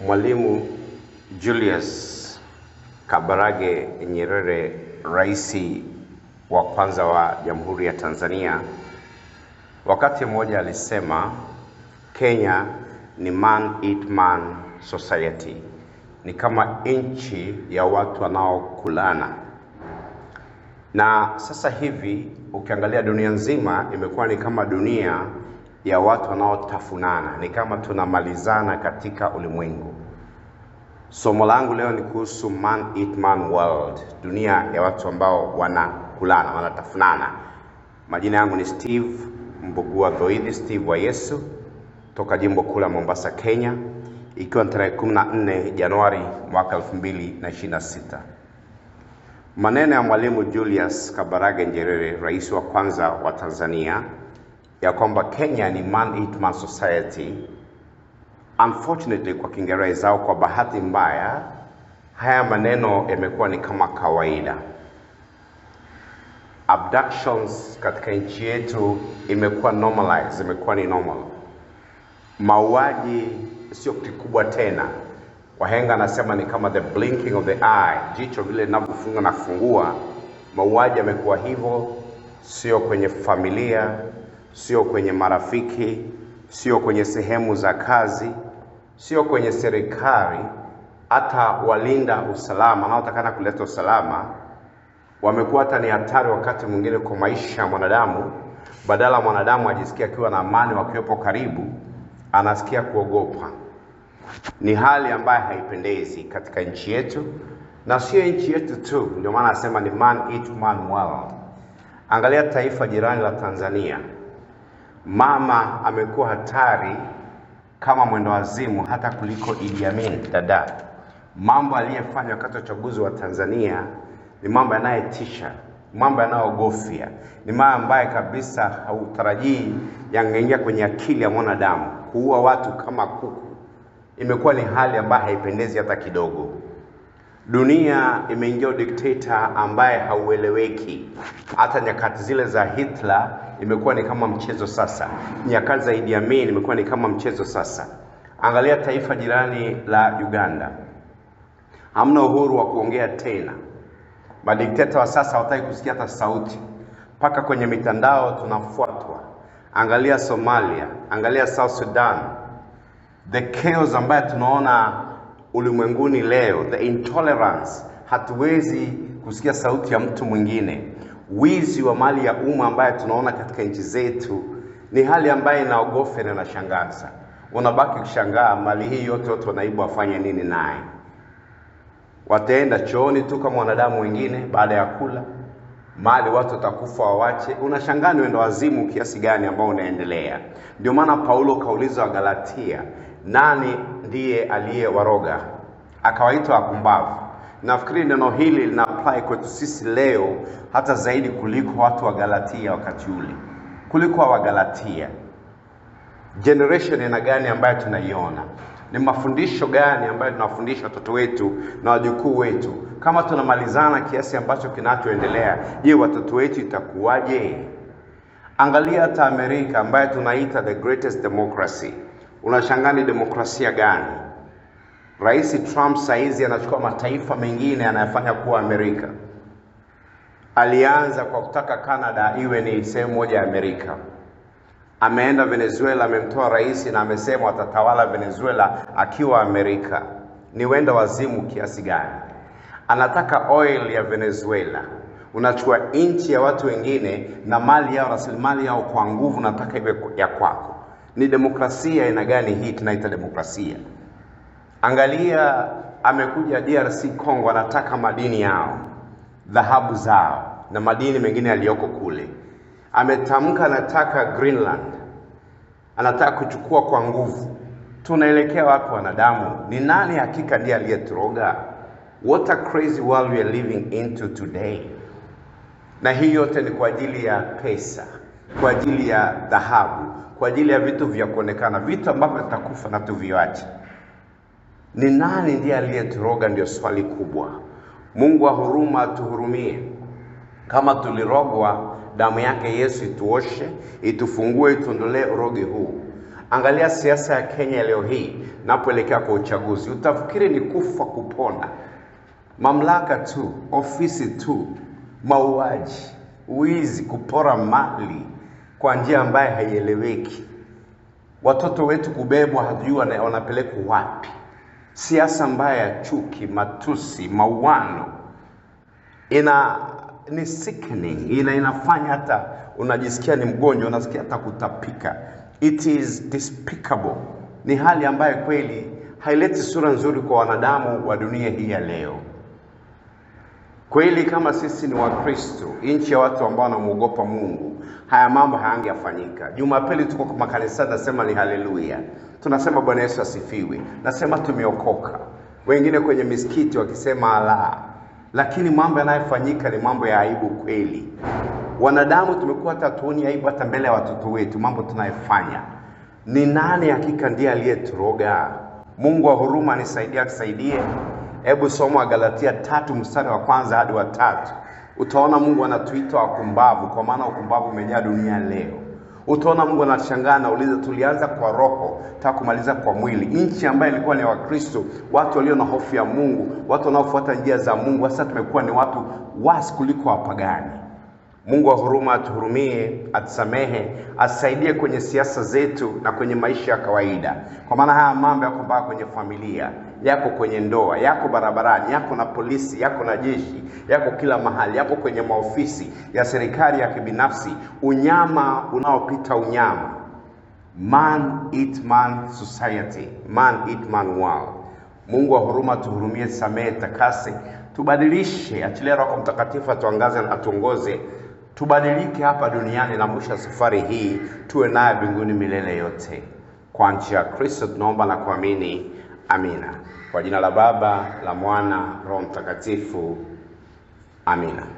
Mwalimu Julius Kabarage Nyerere, rais wa kwanza wa Jamhuri ya Tanzania, wakati mmoja alisema Kenya ni man eat man society, ni kama nchi ya watu wanaokulana. Na sasa hivi ukiangalia dunia nzima imekuwa ni kama dunia ya watu wanaotafunana, ni kama tunamalizana katika ulimwengu. Somo langu leo ni kuhusu man eat man world, dunia ya watu ambao wanakulana, wanatafunana. Majina yangu ni Steve Mbugua Goidi, Steve wa Yesu toka jimbo kuu la Mombasa, Kenya, ikiwa ni tarehe 14 Januari mwaka 2026. Maneno ya Mwalimu Julius Kabarage Nyerere, rais wa kwanza wa Tanzania ya kwamba Kenya ni man eat man society. Unfortunately kwa Kiingereza au kwa bahati mbaya, haya maneno yamekuwa ni kama kawaida. Abductions katika nchi yetu imekuwa normalized, imekuwa ni normal. Mauaji sio kitu kikubwa tena. Wahenga anasema ni kama the blinking of the eye, jicho vile linavyofunga na kufungua. Mauaji yamekuwa hivyo, sio kwenye familia sio kwenye marafiki, sio kwenye sehemu za kazi, sio kwenye serikali. Hata walinda usalama wanaotakana kuleta usalama wamekuwa hata ni hatari wakati mwingine kwa maisha ya mwanadamu. Badala mwanadamu ajisikia akiwa na amani wakiwepo karibu, anasikia kuogopa. Ni hali ambayo haipendezi katika nchi yetu, na sio nchi yetu tu. Ndio maana anasema ni man eat man world. Angalia taifa jirani la Tanzania mama amekuwa hatari kama wazimu hata kuliko Idi Amin dada. Mambo aliyefanya wakati wa uchaguzi wa Tanzania ni mambo yanayetisha, mambo yanayogofya, ni mambo ambayo kabisa hautarajii yangeingia kwenye akili ya mwanadamu. Kuua watu kama kuku imekuwa ni hali ambayo haipendezi hata kidogo. Dunia imeingia dikteta ambaye haueleweki. Hata nyakati zile za Hitler imekuwa ni kama mchezo sasa, nyakati za Idi Amin imekuwa ni kama mchezo sasa. Angalia taifa jirani la Uganda, hamna uhuru wa kuongea tena. Madikteta wa sasa hawataki kusikia hata sauti, mpaka kwenye mitandao tunafuatwa. Angalia Somalia, angalia South Sudan, the chaos ambayo tunaona ulimwenguni leo, the intolerance, hatuwezi kusikia sauti ya mtu mwingine, wizi wa mali ya umma ambayo tunaona katika nchi zetu ni hali ambayo inaogofya na inashangaza. Unabaki kushangaa mali hii yote watu wanaibu wafanye nini naye? Wataenda chooni tu kama wanadamu wengine baada ya kula mali, watu watakufa wawache. Unashangaa ni wenda wazimu kiasi gani ambao unaendelea. Ndio maana Paulo kauliza Wagalatia, nani ndiye aliyewaroga akawaita wapumbavu. Nafikiri neno hili lina apply kwetu sisi leo hata zaidi kuliko watu wa Galatia wakati ule, kuliko wa Galatia. Generation ina gani ambayo tunaiona? Ni mafundisho gani ambayo tunawafundisha watoto wetu na wajukuu wetu? Kama tunamalizana kiasi ambacho kinachoendelea, je, watoto wetu itakuwaje? Angalia hata Amerika ambayo tunaita the greatest democracy Unashangaa ni demokrasia gani? Rais Trump saizi anachukua mataifa mengine anayafanya kuwa Amerika. Alianza kwa kutaka Canada iwe ni sehemu moja ya Amerika. Ameenda Venezuela, amemtoa rais na amesema atatawala Venezuela akiwa Amerika. Ni wenda wazimu kiasi gani? Anataka oil ya Venezuela, unachukua nchi ya watu wengine na mali yao, rasilimali yao kwa nguvu, nataka iwe ya kwako ni demokrasia aina gani hii tunaita demokrasia? Angalia, amekuja DRC Congo, anataka madini yao, dhahabu zao na madini mengine yaliyoko kule. Ametamka anataka Greenland, anataka kuchukua kwa nguvu. Tunaelekea wapi wanadamu? Ni nani hakika ndiye aliyeturoga? What a crazy world we are living into today. Na hii yote ni kwa ajili ya pesa kwa ajili ya dhahabu, kwa ajili ya vitu vya kuonekana, vitu ambavyo tutakufa na tuviache. Ni nani ndiye aliyeturoga? Ndio swali kubwa. Mungu wa huruma atuhurumie. Kama tulirogwa, damu yake Yesu ituoshe, itufungue, ituondolee urogi huu. Angalia siasa ya Kenya leo hii, napoelekea kwa uchaguzi, utafikiri ni kufa kupona, mamlaka tu, ofisi tu, mauaji, wizi, kupora mali kwa njia ambayo haieleweki, watoto wetu kubebwa, hatujui wanapelekwa wapi, siasa mbaya ya chuki, matusi, mauano ina ni sickening, ina inafanya hata unajisikia ni mgonjwa, unasikia hata kutapika. It is despicable. Ni hali ambayo kweli haileti sura nzuri kwa wanadamu wa dunia hii ya leo. Kweli kama sisi ni Wakristo, nchi ya watu ambao wanamwogopa Mungu, haya mambo hayangeyafanyika. Jumapili tuko makanisa, nasema ni haleluya, tunasema Bwana Yesu asifiwe, nasema tumeokoka, wengine kwenye misikiti wakisema ala, lakini mambo yanayofanyika ni mambo ya aibu kweli. Wanadamu tumekuwa tatuoni aibu hata mbele ya watoto wetu, mambo tunayofanya. Ni nani hakika ndiye aliyeturoga? Mungu wa huruma anisaidie, akisaidie Hebu soma Galatia tatu mstari wa kwanza hadi wa tatu. Utaona Mungu anatuita wakumbavu, kwa maana ukumbavu umejaa dunia leo. Utaona Mungu anashangaa, nauliza, tulianza kwa roho takumaliza kwa mwili. Nchi ambayo ilikuwa ni Wakristo, watu walio na hofu ya Mungu, watu wanaofuata njia za Mungu, sasa tumekuwa ni watu wasi kuliko wapagani. Mungu wa huruma atuhurumie, atusamehe, asaidie kwenye siasa zetu na kwenye maisha ya kawaida, kwa maana haya mambo yako mpaka kwenye familia yako, kwenye ndoa yako, barabarani yako, na polisi yako, na jeshi yako, kila mahali yako, kwenye maofisi ya serikali, ya kibinafsi, unyama unaopita unyama, man eat man society, man eat man world. Mungu wa huruma atuhurumie, samehe, takase, tubadilishe, achilia Roho Mtakatifu atuangaze na atuongoze tubadilike hapa duniani na mwisho safari hii tuwe naye mbinguni milele yote. Kwa njia ya Kristo tunaomba na kuamini, amina. Kwa jina la Baba, la Mwana, Roho Mtakatifu, amina.